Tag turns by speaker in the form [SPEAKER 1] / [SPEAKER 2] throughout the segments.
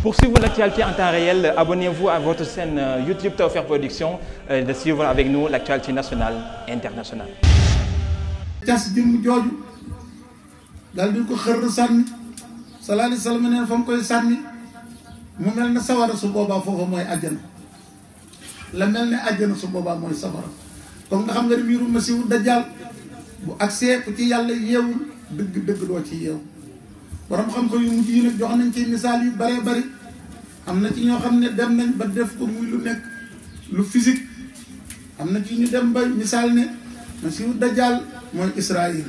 [SPEAKER 1] Pour suivre l'actualité en temps réel, abonnez-vous à votre chaîne euh, YouTube Tawfekh Production euh, de suivre avec nous l'actualité nationale et internationale. cas jëmm jooju daal ko xër sànni sallallahu alayhi wa sallam neen fa koy sànni mu mel ne sawara su boobaa foofa mooy àjjana la mel ne àjjana su boobaa mooy safara comme nga xam nga ni miiru masiihu dajjaal bu agsee ku ci yàlla yeewul dëgg dëgg doo ci yeewu borom xam-xam yu mujj yi jox nañ ci misaal yu baree bari am na ci ñoo xam ne dem nañ ba def ko muy lu nekk lu physique am na ci ñu dem ba misaal ne masiihu dajjaal mooy Israël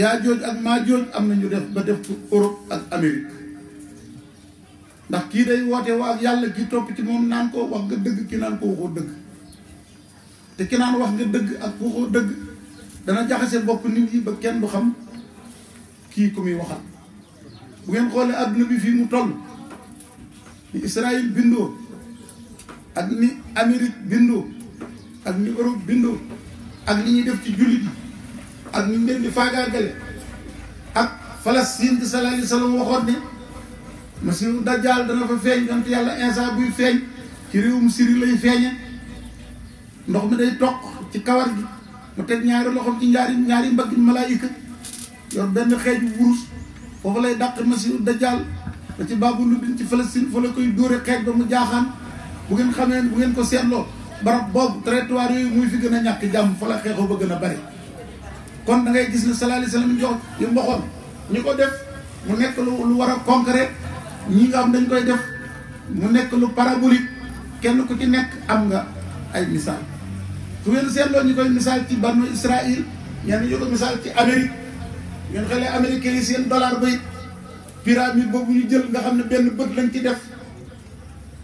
[SPEAKER 1] yaa jooj ak maa jooj am na ñu def ba def ko Europe ak Amérique ndax kii day woote waa ak yàlla kii topp ci moom naan ko wax nga dëgg ki naan ko waxoo dëgg te ki naan wax nga dëgg ak waxoo dëgg dana jaxase bopp nit yi ba kenn du xam kii ku muy waxal bu ngeen xoolee adduna bi fii mu toll ni Israël bindoo ak ni Amérique bindoo ak ni Europe bindoo ak li ñuy def ci jullit yi ak ni ñu leen di faagaagale ak Palestine bi sallallahu alayhi wa sallam waxoon ne masiihu dajjaal dana fa feeñ dant yàlla insa buy feeñ ci réewum Syrie lay feeñe ndox mi day toq ci kawar gi mu teg ñaari loxom ci ñaari ñaari mbagg malaayika yor benn xeeju wurus foofu lay dàq da dajjaal ba ci baabu lu bin ci Palestine fa la koy dóore xeej ba mu jaaxaan bu ngeen xamee bu ngeen ko seetloo barab boobu territoire yooyu muy fi gën a ñàkk jàmm fa la xeexoo ba gën a bari kon da ngay gis ni sallallahu alayhi wasallam jox yi mboxoon ñu ko def mu nekk lu war a concret ñi nga am dañ koy def mu nekk lu parabolique kenn ku ci nekk am nga ay misaal su ngeen seetloo ñu koy misaal ci banu Israël ñenn ñu ko misaal ci Amérique ngeen xale américain yi seen dollar bay pyramide boobu ñu jël nga xam ne benn bët lañ ci def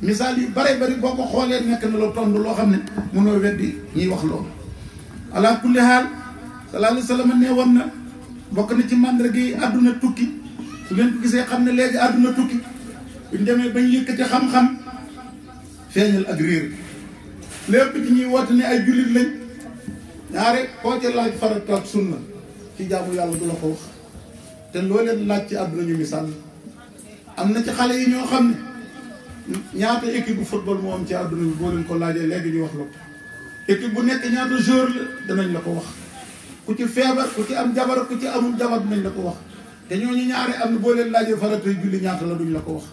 [SPEAKER 1] misaal yu bare bari boo ko xoolee nekk na la tond loo xam ne mënoo weddi ñuy wax loolu ala kulli haal sallallahu alayhi wa sallam woon na bokk na ci màndarga gi àdduna tukki su ngeen ko gisee xam ne léegi àdduna tukki buñ demee bañ yëkkati xam-xam feeñal ak réer lépp ci ñuy woote ne ay jullit lañ ñaare koo ca laaj farata ak sunna ci jaamu yàlla du la ko wax te loo leen laaj ci àdduna ñu misaal am na ci xale yi ñoo xam ne ñaata équipe bu football moo am ci àdduna bi boo leen ko laajee léegi ñu wax la ko équipe bu nekk ñaata joueur la danañ la ko wax ku ci feebar ku ci am jabar ku ci amul jabar dinañ la ko wax te ñu ñaari am na boo leen laajee faratay julli ñaata la duñ la ko wax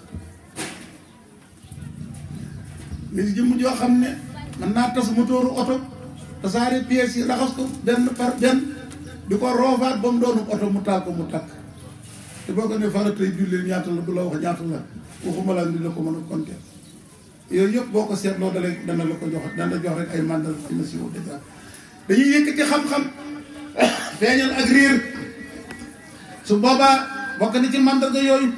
[SPEAKER 1] mais jëmm joo xam ne mën naa tas motooru oto tasaare pièces yi raxas ko benn par benn di ko roofaat ba mu doonu oto ko mu boo ko ne faratay julli ñaata la du la wax ñaata la ko mën yëpp boo ko seetloo dalee dana la ko jox dana la jox rek ay mandal ay na siwo dèjà dañuy yëkkati xam-xam feeñal ak riir su boobaa bokk na ci mandarga yooyu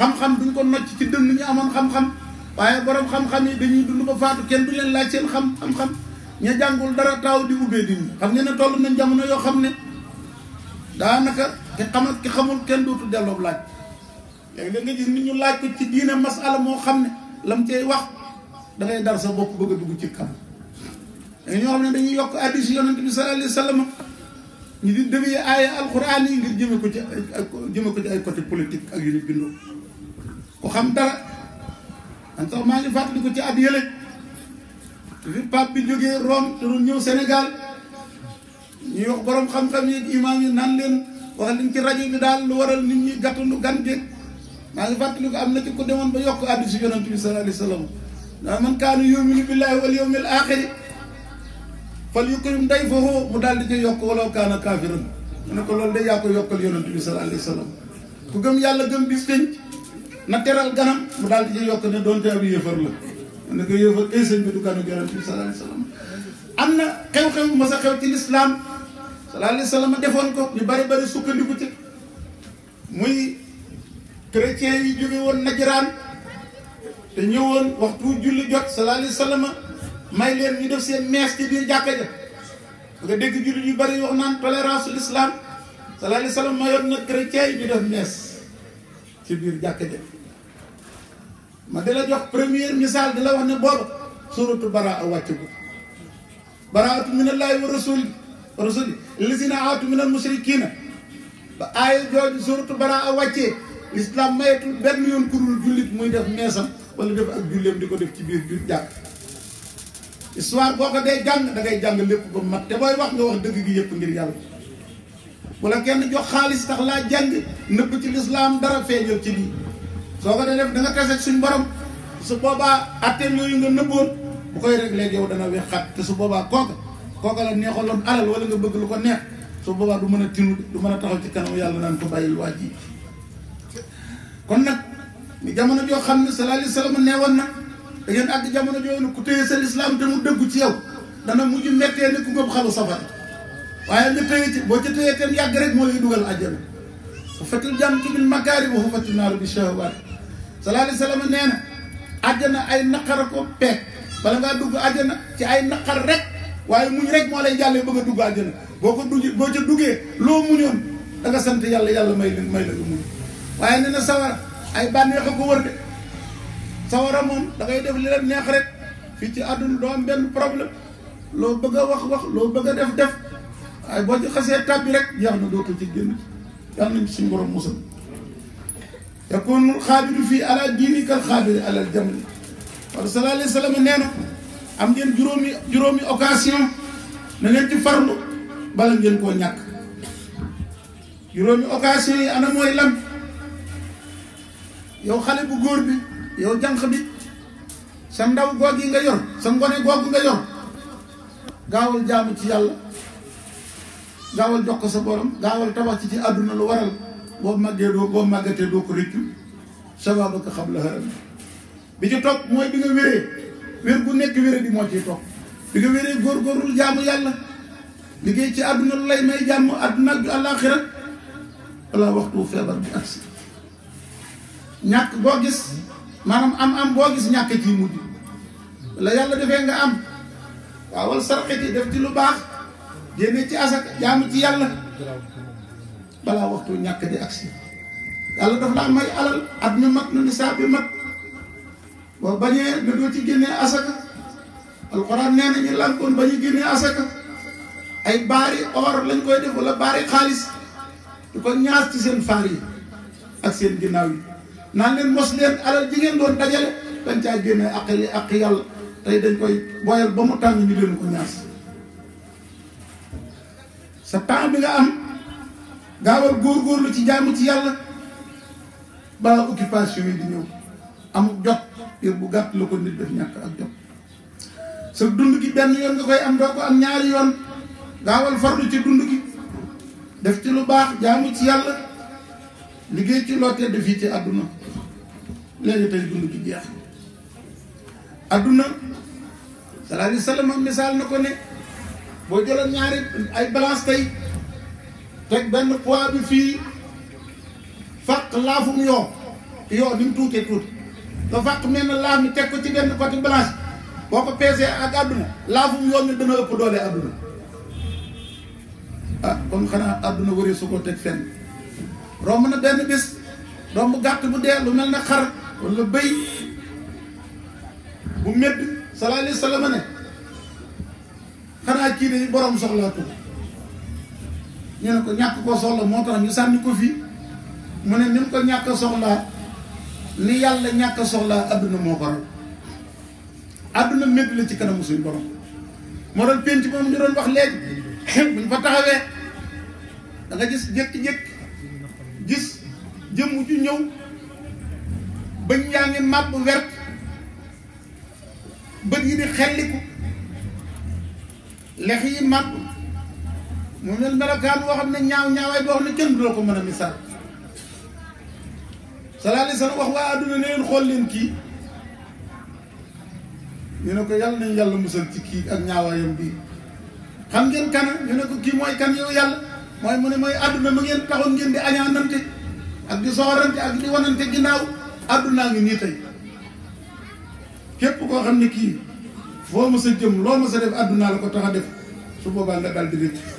[SPEAKER 1] xam-xam duñ ko nocc ci dënn ñu amoon xam-xam waaye borom xam-xam yi dañuy dund ba faatu kenn du leen laaj seen xam-xam ña jàngul dara taaw di ubbee di xam ngeen ne toll nañ jamono yoo xam ne daanaka ki xam ki xamul kenn dootu delloo laaj léegi da nga gis nit ñu laaj ko ci diine masala moo xam ne lam cay wax da ngay dar sa bopp bëgg a dugg ci kam da ñoo xam ne dañuy yokk addis yonent bi sa alayhi wa sallam ñu di déggee aaya alquran yi ngir jëme ko ci ay jëme ko ci ay côté politique ak yu ni bindoo ko xam dara man sax maa ngi fàttali ko ci ab yële. bi pape bi jógee Rome te doon ñëw Sénégal ñuy wax borom xam-xam yi imaam yi nan leen wax nañ ci rajo bi daal lu waral nit ñi gàttandu gan geeg maa ngi fàttaliku am na ci ko demoon ba yokk addi si yonent bi sallallahu alayhi wa sallam daa man kaanu yuminu billahi wal yawmil axiri fal yukrim dayfahu mu daal di koy yokk walaw kaana kaafiran mu ne ko loolu de yaa yokkal yonent bi sallallahu alayhi wa sallam ku gëm yàlla gëm bis pénc na teral ganam mu daal di koy yokk ne doonte ab yéefar ne ko yéefar kay sëñ bi du kanu yonent bi sallallahu alayhi wa sallam am na xew-xew mas a xew ci lislaam sallallahu alayhi wa sallam defoon ko ñu bari bari sukkandiku ci muy chrétiens yi jóge woon najiraan te ñëwoon waxtu julli jot sallallahu alayhi wa sallam may leen ñu def seen mees ci biir jàkka ja nga dégg julli ñu bari wax naan tolérance l'islam sallallahu alayhi wa sallam mayoon na chrétiens yi ñu def mees ci biir jàkka ja ma di jox première misaal di la wax ne boobu suratu baraa wàcc gu baraatu min allaahi wa rasuli rasuli lisina aatu min al mushrikina ba aaya jooju suratu baraa wàccee l'islam mayetul benn yoon kurul jullit muy def meesam wala def ak julleem di ko def ci biir jul jàkk histoire boo ko dee jàng da ngay jàng lépp ba mat te booy wax nga wax dëgg gi yëpp ngir yàlla wala kenn jox xaalis tax laa jàng nëbb ci lislaam dara feeñal ci lii soo ko dee def da nga tase ak suñ borom su boobaa atteem yooyu nga nëbboon bu koy rek léegi yow dana wexxat te su boobaa kooka kooka la neexaloon alal wala nga bëgg lu ko neex su boobaa du mën a tinu du mën a taxaw ci kanam yàlla naan ko bàyyil waa ji kon nag ni jamono joo xam ne sallallahu alayhi wasallam neewoon na da ngeen àgg jamono jooju ku téye sa lislaam te mu dëggu ci yow dana mujj méttee ne ku ngëb xalu safara waaye nga téye ci boo ca téye kenn yàgg rek moo lay dugal àjjana bu fekkee jàmm ci biir makkaari bu xufatinaaru bi shahawaat sallallahu alayhi wa àjjana ay naqara ko peeg bala ngaa dugg àjjana ci ay naqar rek waaye muñ rek moo lay jàllee bëgg a dugg àjjana boo ko dugg boo ca duggee loo muñoon da nga sant yàlla yàlla may la may la nga waaye nee sawara ay bànneex a ko wër de sawara moom da def li leen neex rek fii ci àdduna doo am benn problème loo bëgg a wax wax loo bëgg a def def waaye boo ci xasee tàbbi rek jeex na dootu ci génn yàlla nañ suñu borom musal yakuunu alxaabidu fii ala diini kal xaabidi ala jamri wala sallallahu alayhi wa sallam nee am ngeen juróomi juróomi occasion na ngeen ci farlu bala ngeen koo ñàkk juróomi occasion yi ana mooy lan yow xale bu góor bi yow jànq bi sa ndaw goog yi nga yor sa ngone goog nga yor gaawal jaamu ci yàlla gaawal jox ko sa borom gaawal tabax ci ci àdduna lu waral boo màggee doo boo màggatee doo ko rëccu sawaaba ko xam la xaram bi ci topp mooy bi nga wéree wér gu nekk wéré bi moo ciy topp bi nga wéree góorgóorlu jaamu yàlla liggéey ci àdduna lu lay may jàmm àdduna ak àllaaxira walla waxtu feebar bi agsi ñàkk boo gis maanaam am am boo gis ñàkk ci mujj la yàlla defee nga am waaw wala sarxe ci def ci lu baax génne ci asaka jaamu ci yàlla balaa waxtu ñàkk di agsi yàlla daf laa may alal at mi mat na nisaab bi mat boo bañee lu doo ci génnee asaka alxuraan nee na ñu lànkoon ba ñu génnee asaka ay baari or lañ koy def wala baari xaalis du ko ñaas ci seen faar yi ak seen ginnaaw yi naan leen mos leen alal ji ngeen doon dajale dañ caa génne ak ak yàlla tey dañ koy boyal ba mu tàng ñu leen ko ñaas sa temps nga am gaawal góorgóorlu ci jaamu ci yàlla balaa occupation yi di ñëw am jot yër bu gàtt la ko nit def ñàkk ak jot sa dund gi benn yoon nga koy am doo ko am ñaari yoon gaawal lu ci dund gi def ci lu baax jaamu ci yàlla liggéey ci lottee def yi ci àdduna léegi tey dund gi jeex àdduna sallallahu alayhi misaal na ko ne boo jëloon ñaari ay balance tey teg benn poids bi fii fàq laafum yoo yoo ni mu tuutee tuuti nga fàq mel na laaf mi teg ko ci benn côté blanche boo ko peesee ak àdduna laafum yoo mi dana ëpp doole àdduna ah kon xanaa àdduna wari su ko teg fenn romb na benn bis romb gàtt bu dee lu mel na xar wala bëy bu métti salaale alayhi wa ne xanaa kii de borom soxlaa tuuti ñu ne ko ñàkk ko soxla moo tax ñu sànni ko fii mu ne ni ko ñàkk soxlaa ni yàlla ñàkk soxlaa adduna moo ko waral adduna la ci kanamu suñu borom moo doon penc moom ñu wax léegi buñ fa taxawee da nga gis jékki-jékki gis jëmm ju ñëw bañ yaa ngi màpp wert bët yi di xelliku lex yi màpp mu mel melokaan woo xam ne ñaaw ñaawaay boo xam ne kenn a misaal sallallahu alayhi wasallam xool leen kii ñu ne ko yàlla nañ yàlla musal ci kii ak ñaawaayam bii xam ngeen kan ñu ne ko kii mooy kan yow yàlla mooy mu ne mooy adduna ma ngeen taxoon ngeen di añaanante ak di soxorante ak di wanante ginnaaw addunaa ngi nii tey képp koo xam ne kii foo ma sa jëm loo ma sa def addunaa la ko tax def su boobaa nga dal di rëcc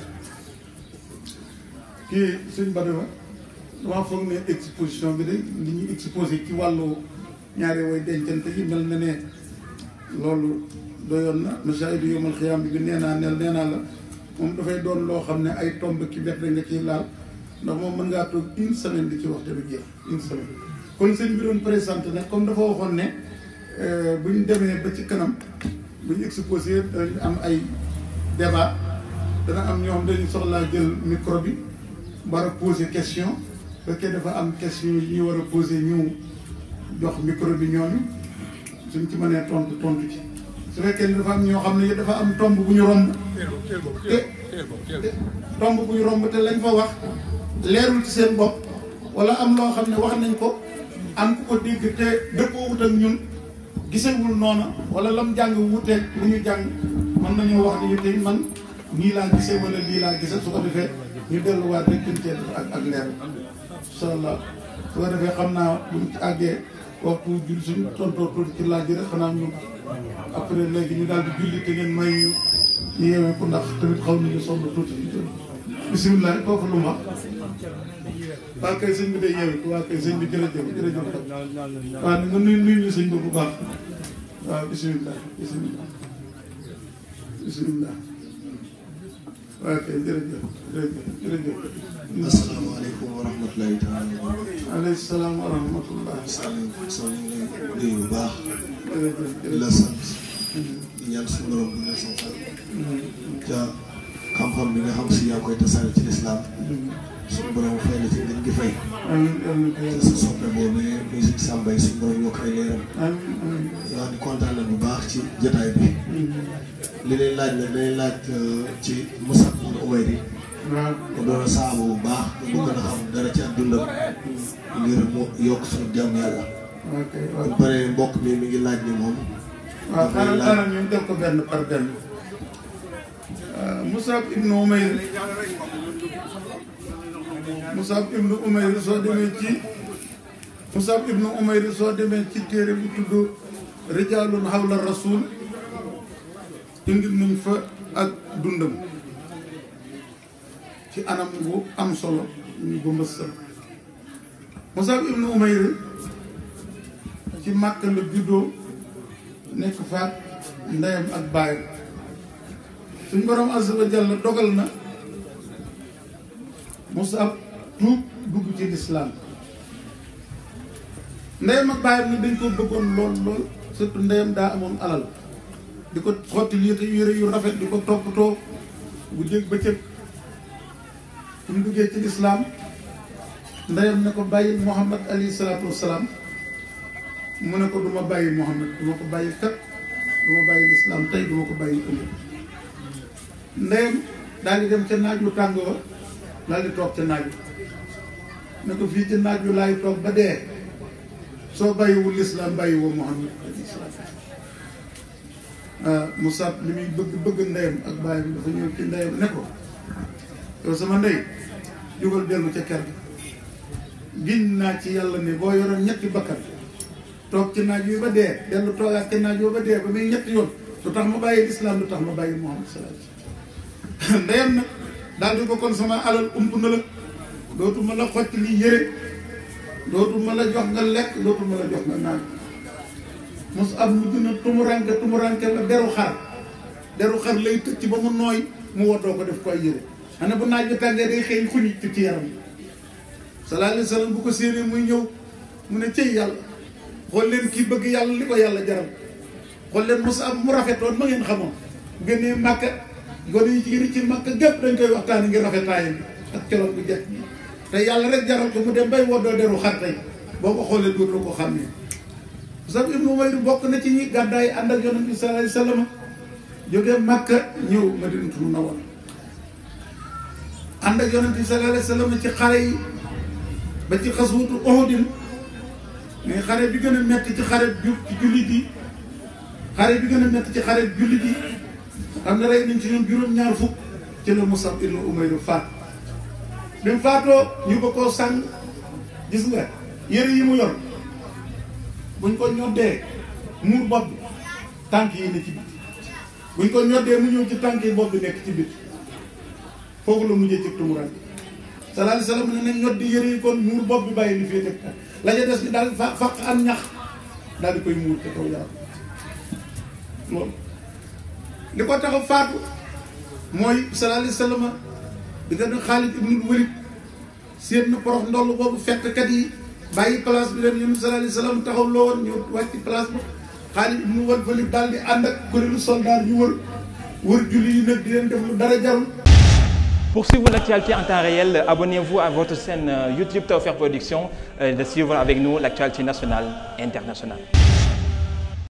[SPEAKER 1] kii sëñ Badara damaa foog ne exposition bi de li ñuy exposé ci wàllu ñaari way dencante yi mel na ne loolu doyoon na masaayidu yawmal xiyaam bi nee naa neel nee la moom dafay doon loo xam ne ay tomb ki bett nga ciy laal ndax moom mën ngaa toog une semaine di ci wax te du jeex une semaine. kon sëñ bi doon présenté nag comme dafa waxoon ne euh, bu ñu demee ba ci kanam bu ñu exposé am ay débat dana am ñoom dañu soxlaa jël micro bi. war a poser question fekkee dafa am question yi ñu war a poser ñu dox micro bi ñooñu suñ ci mënee tontu tontu ci su fekkee ni dafa am ñoo xam ne dafa am tomb bu ñu romb te tomb bu ñu romb te lañ fa wax leerul ci seen bopp wala am loo xam ne wax nañ ko am ku ko dégg te dëppoowut ak ñun gisewul noona wala lam jàng wuuteeg lu ñu jàng mën nañoo wax ni tey man nii laa gisee wala lii laa gisee su ko defee ñu delluwaat rek ci ceen ak ak leer incha allah su ko xam naa bu ñu ci àggee waxtu julli suñu tontóor tuuti ci laaj rek xanaa ñu après léegi ñu daal di julli te ngeen may ñu ñu yeewee ko ndax tamit xaw nañu sonn tuuti ci jël bisimilah kooku lu mu wax waa kay sëñ bi day yeewi waa kay sëñ bi jërëjëf jërëjëf waaw nga nuyu nuyu ñu sëñ bi bu baax waaw bisimilah bisimilah waaw kay jërëjëf jërëjëf jërëjëf. asalaamaaleykum wa rahmatulahi taala. aleyhi salaam wa rahmatulah. soo ñu ngi lay nuyu bu baax. jërëjëf jërëjëf di la sant. Mm-hmm. di ñaan suñu borom bu ne sa xel. Mm-hmm. xam-xam bi nga xam si yaa koy tasaare ci lislaam suñu borom fay la ci ngeen gi fay te sa soppe boobee muy suñ sàmbay suñu borom yokk ay leeram yaa ni kontaan na bu baax ci jotaay bi li lay laaj nag dañuy laaj euh, ci Musab ibn Umayr yi ko doon saaba bu baax bu gën a xam dara ci ak dundam ngir mu yokk suñu jàmm yàlla bu paree mbokk mi mi ngi laaj ni moom ko benn Musab ibnu Umayr Musab ibnu Umayr soo demee ci Musab ibnu Umayr soo demee ci téere bu tudd rijalun hawla rasul indi nañ fa ak dundam ci anam bu am solo ñu ba mbëssal Musab ibnu Umayr ci Màkka la juddoo nekk faat ndeyam ak baayam suñ borom azza wa jalla dogal na Musab tuub dugg ci lislaam ndeyam ak baayam ni dañ koo dëggoon lool lool surtout ndeyam daa amoon alal di ko xotti lii yére yu rafet di ko toppatoo bu jég ba bu ñu duggee ci lislaam ndeyam ne ko bàyyi Muhammad alayhi salaatu wasalaam mu ne ko duma bàyyi Muhammad duma ko bàyyi kat duma bàyyi lislaam tey duma ko bàyyi ëllëg ndeyam daal di dem ca naaj wu tàng wa di toog ca naaj ne ko fii ci naaj wu laay toog ba dee soo bàyyiwul lislaam bàyyiwoo Muhammad mu ah, Moussa li muy bëgg bëgg ndeyam ak bàyyam dafa ñëw ci ndeyam ne ko yow sama ndey jógal dellu ca kër giñ naa ci yàlla ni boo yoroon ñetti bakkan toog ci naaj wi ba dee dellu toogaat ca naaj wi ba dee ba muy ñetti yoon lu tax ma bàyyi lislaam lu tax ma bàyyi Muhammad sallallahu ndeyam na daal di ko kon sama alal ump na la dootuma la xotti li yére dootuma la jox nga lekk la jox nga naan mos ab mu gën a tumuranke tumuranke la deru xar deru xar lay tëcc ba mu nooy mu woddoo ko def koy ay yére xanaa bu naaj bi tàngee day xëy xuñi ci yaram sallallahu alayhi wasallam bu ko séenee muy ñëw mu ne cëy yàlla xool leen kii bëgg yàlla li ko yàlla jaral xool leen mos ab mu rafetoon ma ngeen xamoon génnee màkka gone yi jigéen yi ci Makka gépp dañ koy waxtaan ngir rafetaay bi ak coloon bu jekk bi te yàlla rek jaral ko mu dem bay woddoo deru xar tey boo ko xoolee dootu ko xam ne sax ibnu Umayr bokk na ci ñi gàddaay ànd ak yonent bi sallallahu alayhi wa sallam jógee Makka ñëw Madinatul Munawwara ànd ak yonent bi sallallahu alayhi ci xare yi ba ci xaswatu Uhud xare bi gën a metti ci xare ju jullit yi xare bi gën a metti ci xare jullit yi xam ne rey nañ ci ñoom juróom-ñaar fukk ci la Musab ibnu Umayr faat bi faatoo ñu ko koo sàng gis nga yére yi mu yor buñ ko ñoddee muur bopp bi ci bit ko ñoddee mu ñëw ci tànk yi bopp bi nekk ci bit foofu la mujjee ci tumuraan sallallahu alayhi wa sallam ne ñoddi yére yi kon muur bopp bi bàyyi li fee teg la ca des ni daal faq am ñax daal di koy muur te kaw yaram li ko tax a faatu mooy sallallahu alayhi wa sallam di gën a Xaalid ibnul Walid seet na porox ndoll boobu fettkat yi bàyyi place bi leen yéen sallallahu alayhi wa sallam taxaw loo woon ñu wàcc place ba Xaalid ibnul Walid daal di ànd ak kuréelu soldat yu wër wër julli yi nag di leen def lu dara jarul. Pour suivre l'actualité en temps réel, abonnez-vous à votre chaîne YouTube Tawfekh Production de suivre avec nous l'actualité nationale internationale.